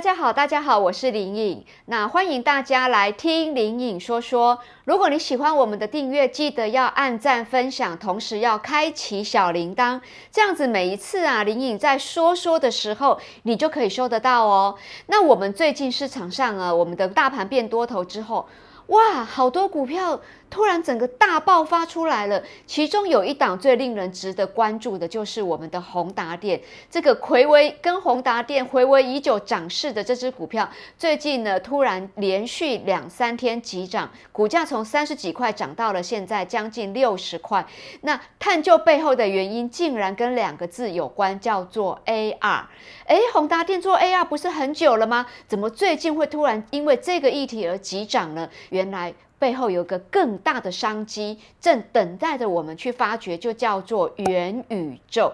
大家好，大家好，我是林穎。那歡迎大家來聽林穎說說。如果你喜歡我們的訂閱，記得要按讚、分享，同時要開啟小鈴鐺，這樣子每一次啊，林穎在說說的時候，你就可以收得到哦。那我們最近市場上啊，我們的大盤變多頭之後，哇，好多股票。突然，整個大爆發出來了。其中有一檔最令人值得關注的，就是我們的宏達電。這個葵威跟宏達電回威已久漲勢的這只股票，最近呢，突然連續兩三天急漲，股價從三十幾塊漲到了現在將近六十塊。那探究背後的原因，竟然跟兩個字有關，叫做 AR。誒，宏達電做 AR 不是很久了嗎？怎麼最近會突然因為這個議題而急漲呢？原來。背後有個更大的商機正等待着我們去發掘，就叫做元宇宙。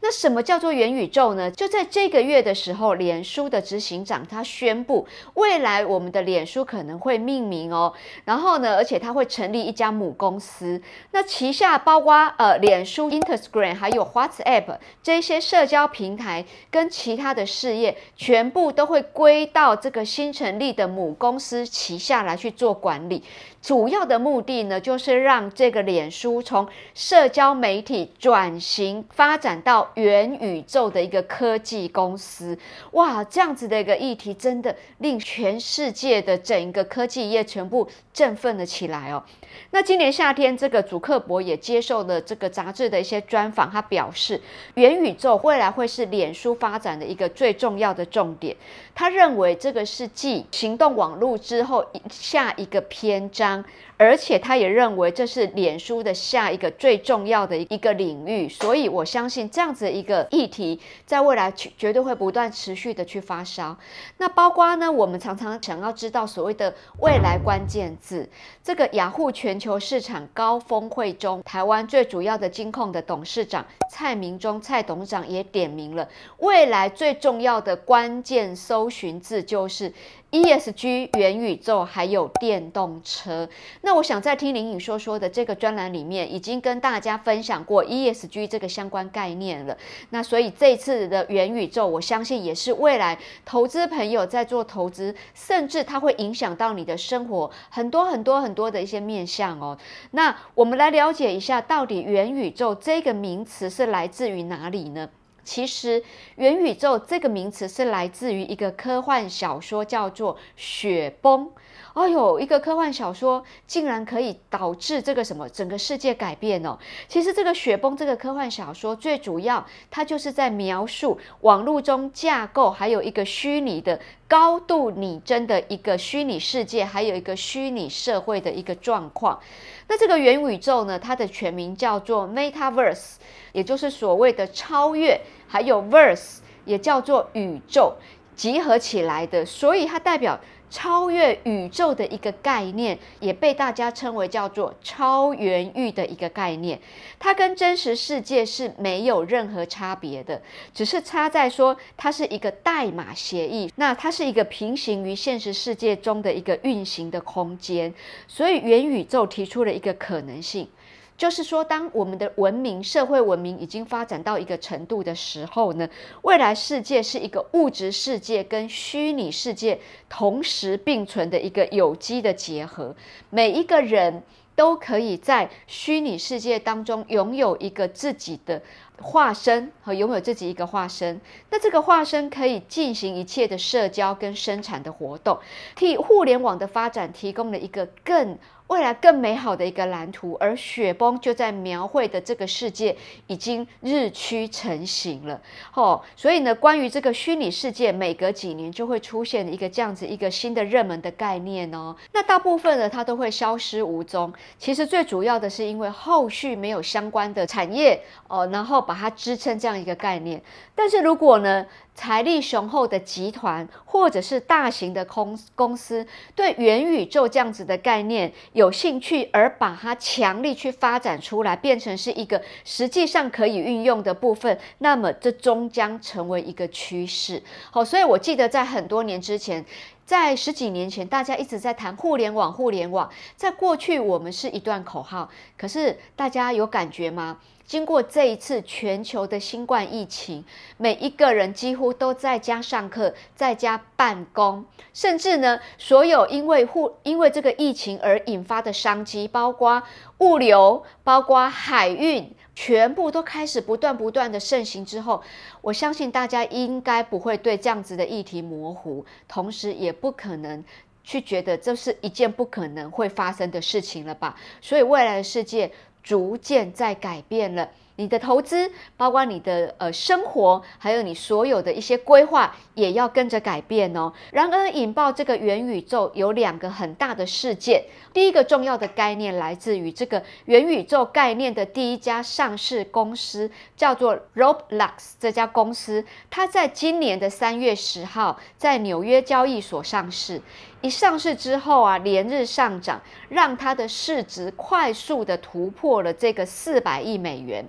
那什麼叫做元宇宙呢？就在這個月的時候，臉書的執行長他宣布，未來我們的臉書可能會命名哦。然後呢，而且他會成立一家母公司，那旗下包括呃臉書、Instagram 還有 WhatsApp 這些社交平台跟其他的事業，全部都會歸到這個新成立的母公司旗下來去做管理。主要的目的呢，就是讓這個臉書從社交媒體轉型發展到元宇宙的一個科技公司。哇，這樣子的一個議題，真的令全世界的整一個科技業全部振奮了起來哦。那今年夏天，這個祖克柏也接受了這個雜誌的一些專訪，他表示，元宇宙未來會是臉書發展的一個最重要的重點。他認為，這個是繼行動網絡之後下一個篇章。而且他也認為，這是臉書的下一個最重要的一個領域，所以我相信這樣子一個議題，在未來去絕對會不斷持續的去發燒。那包括呢，我們常常想要知道所謂的未來關鍵字。這個雅虎全球市場高峰會中，台灣最主要的金控的董事長蔡明忠，蔡董事長也點名了未來最重要的關鍵搜尋字，就是 ESG、元宇宙還有電動車。那我想在聽林穎說說的這個專欄裡面，已經跟大家分享過 ESG 這個相關概念了。那所以這次的元宇宙，我相信也是未來投資朋友在做投資，甚至它會影響到你的生活很多很多很多的一些面向哦。那我們來了解一下，到底元宇宙這個名詞是來自於哪裡呢？其實，元宇宙這個名詞是來自於一個科幻小說，叫做《雪崩》。哦喲，一個科幻小說竟然可以導致這個什麼整個世界改變哦！其實，這個《雪崩》這個科幻小說最主要，它就是在描述網絡中架構，還有一個虛擬的。高度擬真的一個虛擬世界，還有一個虛擬社會的一個狀況。那這個元宇宙呢，它的全名叫做 Metaverse，也就是所謂的超越，還有 verse，也叫做宇宙。集合起來的，所以它代表超越宇宙的一個概念，也被大家稱為叫做超元域的一個概念。它跟真實世界是沒有任何差別的，只是差在說它是一個代碼協議。那它是一個平行於現實世界中的一個運行的空間，所以元宇宙提出了一個可能性。就是說，當我們的文明、社會文明已經發展到一個程度的時候呢，未來世界是一個物質世界跟虛擬世界同時並存的一個有機的結合。每一個人都可以在虛擬世界當中擁有一個自己的化身，和擁有自己一個化身。那這個化身可以進行一切的社交跟生產的活動，替互聯網的發展提供了一個更。未來更美好的一個藍圖，而雪崩就在描繪的這個世界已經日趨成型了，吼、哦！所以呢，關於這個虛擬世界，每隔幾年就會出現一個這樣子一個新的熱門的概念哦。那大部分呢，它都會消失無蹤。其實最主要的是因為後續沒有相關的產業哦，然後把它支撐這樣一個概念。但是如果呢，財力雄厚的集團，或者是大型的公司，對元宇宙這樣子的概念有興趣，而把它強力去發展出來，變成是一個實際上可以運用的部分，那麼這終將成為一個趨勢。好、哦，所以我記得在很多年之前，在十幾年前，大家一直在談互聯網，互聯網在過去我們是一段口號，可是大家有感覺嗎？經過這一次全球的新冠疫情，每一個人幾乎都在家上課、在家辦公，甚至呢，所有因為互因為這個疫情而引發的商機，包括物流、包括海運，全部都開始不斷不斷的盛行之後，我相信大家應該不會對這樣子的議題模糊，同時也不可能去覺得這是一件不可能會發生的事情了吧？所以未來的世界。逐漸在改變了你的投資，包括你的呃生活，還有你所有的一些規劃，也要跟着改變哦。然而，引爆這個元宇宙有兩個很大的事件。第一個重要的概念來自於這個元宇宙概念的第一家上市公司，叫做 Roblox 這家公司，它在今年的三月十號在紐約交易所上市。一上市之後啊，連日上漲，讓它的市值快速的突破了這個四百億美元。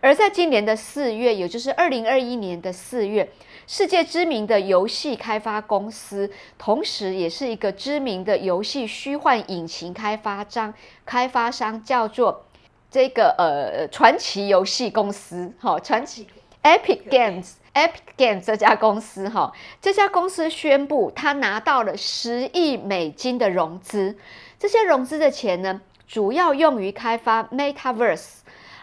而在今年的四月，也就是二零二一年的四月，世界知名的遊戲開發公司，同時也是一個知名的遊戲虛幻引擎開發商開發商，叫做這個呃傳奇遊戲公司，好、哦、傳奇，Epic Games。Epic Games 這家公司哈，這家公司宣布他拿到了十億美金的融資，這些融資的錢呢，主要用於開發 Metaverse，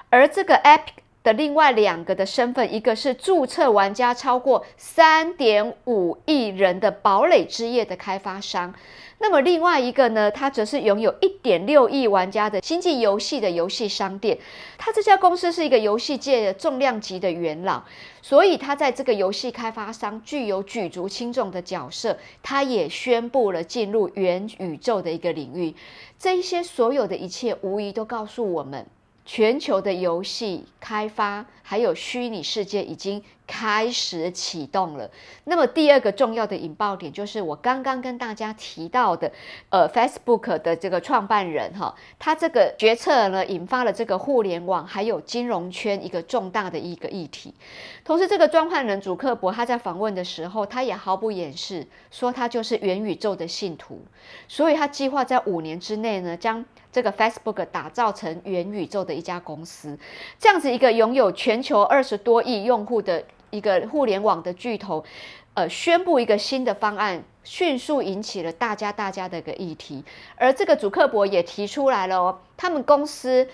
而這個 Epic。的另外兩個的身份，一個是注冊玩家超過三點五億人的堡壘之夜的開發商，那麼另外一個呢，他則是擁有一點六億玩家的星際遊戲的遊戲商店。他這家公司是一個遊戲界的重量級的元老，所以他在這個遊戲開發商具有舉足輕重的角色。他也宣布了進入元宇宙的一個領域，這一些所有的一切，無疑都告訴我們。全球的遊戲開發，還有虛擬世界已經開始啟動了。那麼第二個重要的引爆點就是我剛剛跟大家提到的，呃，Facebook 的這個創辦人哈，他這個決策呢，引發了這個互聯網還有金融圈一個重大的一個議題。同時，這個創辦人祖克柏他在訪問的時候，他也毫不掩飾，說他就是元宇宙的信徒。所以，他計劃在五年之內呢，將這個 Facebook 打造成元宇宙的一家公司。這樣子一個擁有全球二十多億用戶的，一個互聯網的巨頭，呃，宣布一個新的方案，迅速引起了大家大家的一個議題。而這個祖克柏也提出來了、哦，他們公司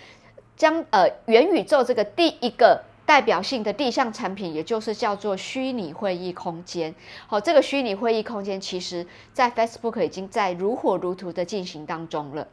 將呃元宇宙這個第一個代表性的第一項產品，也就是叫做虛擬會議空間。好、哦，這個虛擬會議空間，其實在 Facebook 已經在如火如荼的進行當中了。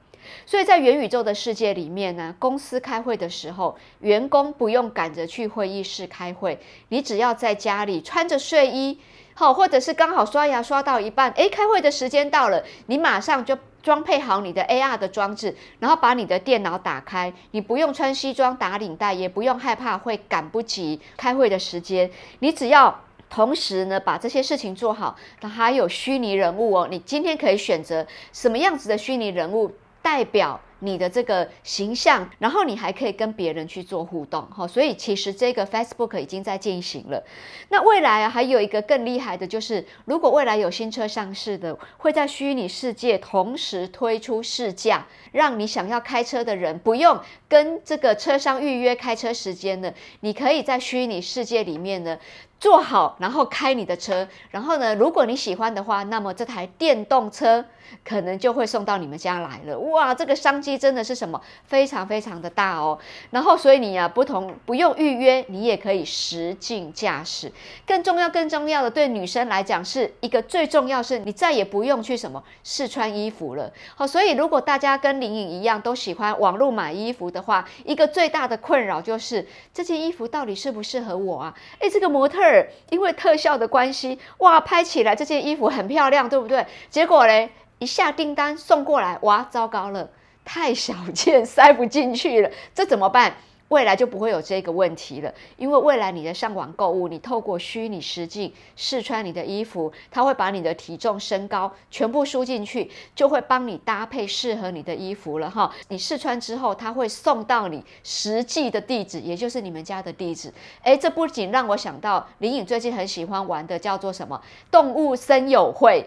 所以在元宇宙的世界裡面呢，公司開會的時候，員工不用趕着去會議室開會，你只要在家裡穿着睡衣，好，或者是剛好刷牙刷到一半，哎，開會的時間到了，你馬上就裝配好你的 AR 的裝置，然後把你的電腦打開，你不用穿西裝打領帶，也不用害怕會趕不及開會的時間，你只要同時呢把這些事情做好。那還有虛擬人物哦，你今天可以選擇什麼樣子的虛擬人物。代表你的這個形象，然後你還可以跟別人去做互動，哈、哦，所以其實這個 Facebook 已經在進行了。那未來啊，還有一個更厲害的，就是如果未來有新車上市的，會在虛擬世界同時推出試駕，讓你想要開車的人不用跟這個車商預約開車時間的。你可以在虛擬世界裡面呢。做好，然後開你的車，然後呢，如果你喜歡的話，那麼這台電動車可能就會送到你們家來了。哇，這個商機真的是什麼非常非常的大哦。然後所以你啊，不同不用預約，你也可以實境駕駛。更重要、更重要的，對女生來講是一個最重要是，是你再也不用去什麼試穿衣服了。好、哦，所以如果大家跟林穎一樣都喜歡網絡買衣服的話，一個最大的困擾就是這件衣服到底適不適合我啊？哎，這個模特。因為特效的關係，哇，拍起來這件衣服很漂亮，對不對？結果嘞，一下訂單送過來，哇，糟糕了，太小件塞不進去了，這怎麼辦？未來就不會有這個問題了，因為未來你的上網購物，你透過虛擬實境試穿你的衣服，它會把你的體重、身高全部輸進去，就會幫你搭配適合你的衣服了哈。你試穿之後，它會送到你實際的地址，也就是你們家的地址。欸，這不僅讓我想到林穎最近很喜歡玩的，叫做什麼動物森友會。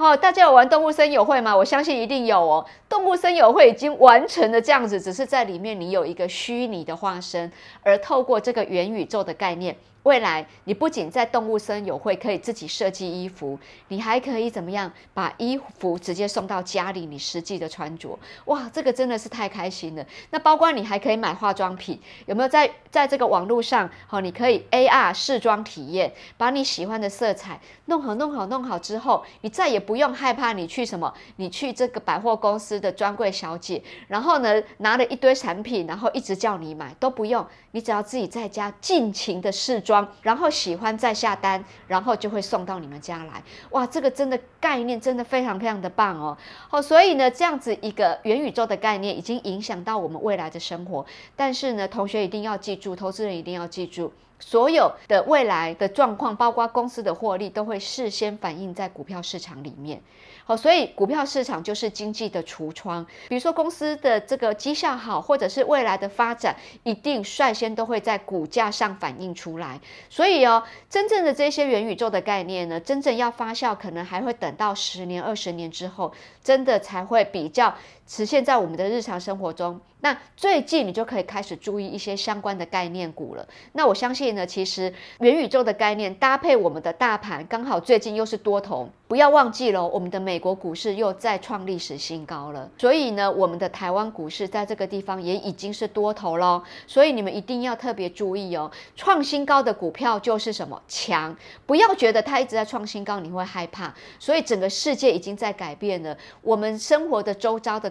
好、哦，大家有玩動物森友會嗎？我相信一定有哦。動物森友會已經完成了這樣子，只是在裡面你有一個虛擬的化身，而透過這個元宇宙的概念。未來，你不僅在動物森友會可以自己設計衣服，你還可以怎麼樣？把衣服直接送到家裡，你實際的穿着，哇，這個真的是太開心了。那包括你還可以買化妝品，有沒有在在這個網絡上，哈、哦，你可以 AR 試妝體驗，把你喜歡的色彩弄好、弄好、弄好之後，你再也不用害怕你去什麼，你去這個百貨公司的專櫃小姐，然後呢，拿了一堆產品，然後一直叫你買都不用，你只要自己在家盡情的試妝。然後喜歡再下單，然後就會送到你們家來。哇，這個真的概念真的非常非常的棒哦。好，哦，所以呢，這樣子一個元宇宙的概念已經影響到我們未來的生活。但是呢，同學一定要記住，投資人一定要記住。所有的未來的狀況，包括公司的獲利，都會事先反映在股票市場裡面。好，所以股票市場就是經濟的櫥窗。比如說公司的這個績效好，或者是未來的發展，一定率先都會在股價上反映出來。所以哦，真正的這些元宇宙的概念呢，真正要發酵，可能還會等到十年、二十年之後，真的才會比較。實現在我們的日常生活中，那最近你就可以開始注意一些相關的概念股了。那我相信呢，其實元宇宙的概念搭配我們的大盤，剛好最近又是多頭。不要忘記了，我們的美國股市又再創歷史新高了。所以呢，我們的台灣股市在這個地方也已經是多頭咯，所以你們一定要特別注意哦，創新高的股票就是什麼？強，不要覺得它一直在創新高，你會害怕。所以整個世界已經在改變了，我們生活的周遭的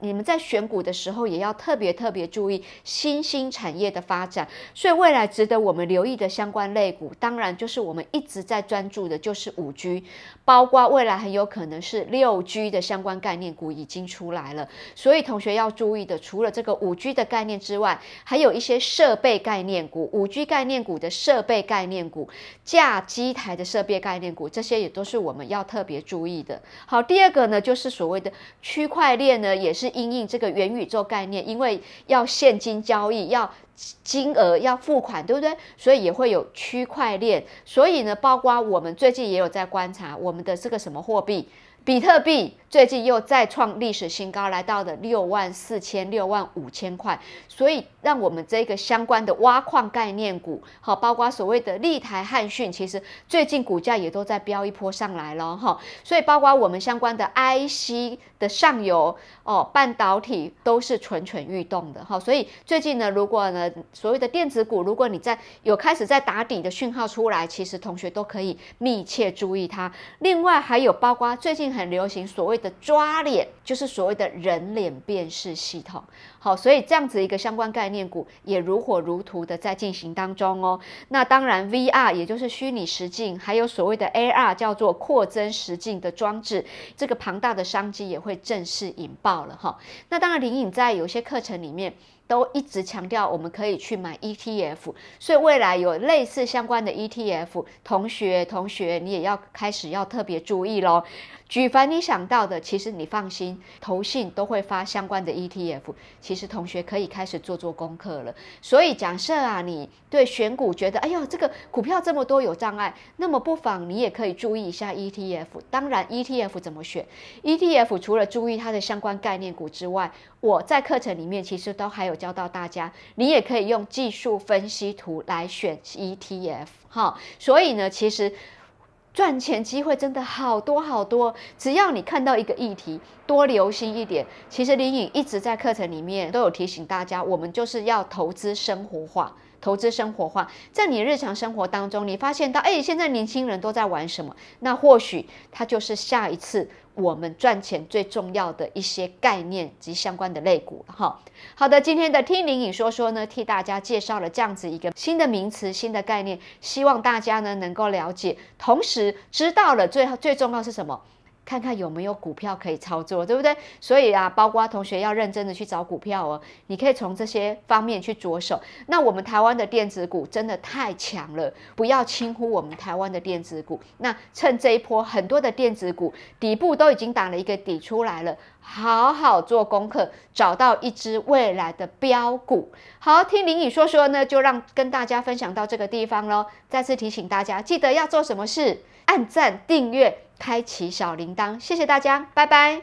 你們在選股的時候也要特別特別注意新興產業的發展，所以未來值得我們留意的相關類股，當然就是我們一直在專注的，就是五 G，包括未來很有可能是六 G 的相關概念股已經出來了。所以同學要注意的，除了這個五 G 的概念之外，還有一些設備概念股、五 G 概念股的設備概念股、架機台的設備概念股，這些也都是我們要特別注意的。好，第二個呢，就是所謂的區塊鏈呢，也是。因應這個元宇宙概念，因為要現金交易，要金額要付款，對不對？所以也會有區塊鏈。所以呢，包括我們最近也有在觀察我們的這個什麼貨幣，比特幣。最近又再創歷史新高，來到了六萬四千六萬五千塊，所以讓我們這個相關的挖礦概念股，好，包括所謂的麗台撼訊，其實最近股價也都在飆一波上來了哈，所以包括我們相關的 IC 的上游哦，半導體都是蠢蠢欲動的哈，所以最近呢，如果呢所謂的電子股，如果你在有開始在打底的訊號出來，其實同學都可以密切注意它。另外還有包括最近很流行所謂的抓臉。就是所謂的人臉辨識系統，好，所以這樣子一個相關概念股也如火如荼的在進行當中哦。那當然，VR 也就是虛擬實境，還有所謂的 AR 叫做擴增實境的裝置，這個龐大的商機也會正式引爆了哈。那當然，林穎在有些課程裡面都一直強調，我們可以去買 ETF，所以未來有類似相關的 ETF，同學同學，你也要開始要特別注意嘍。舉凡你想到的，其實你放心。投信都會發相關的 ETF，其實同學可以開始做做功課了。所以假設啊，你對選股覺得，哎呀，這個股票這麼多有障礙，那麼不妨你也可以注意一下 ETF。當然，ETF 怎麼選？ETF 除了注意它的相關概念股之外，我在課程裡面其實都還有教到大家，你也可以用技術分析圖來選 ETF。哈，所以呢，其實。賺錢機會真的好多好多，只要你看到一個議題多留心一點。其實林穎一直在課程裡面都有提醒大家，我們就是要投資生活化。投資生活化，在你日常生活當中，你發現到，哎、欸，現在年輕人都在玩什麼？那或許它就是下一次我們賺錢最重要的一些概念及相關的類股哈。好的，今天的聽林穎說說呢，替大家介紹了這樣子一個新的名詞、新的概念，希望大家呢能夠了解，同時知道了最後最重要是什麼。看看有沒有股票可以操作，對不對？所以啊，包括同學要認真的去找股票哦。你可以從這些方面去着手。那我們台灣的電子股真的太強了，不要輕忽我們台灣的電子股。那趁這一波，很多的電子股底部都已經打了一個底出來了，好好做功課，找到一支未來的標股。好，聽林穎說說呢，就讓跟大家分享到這個地方嘍。再次提醒大家，記得要做什麼事，按讚訂閱。開啟小鈴鐺，謝謝大家，拜拜。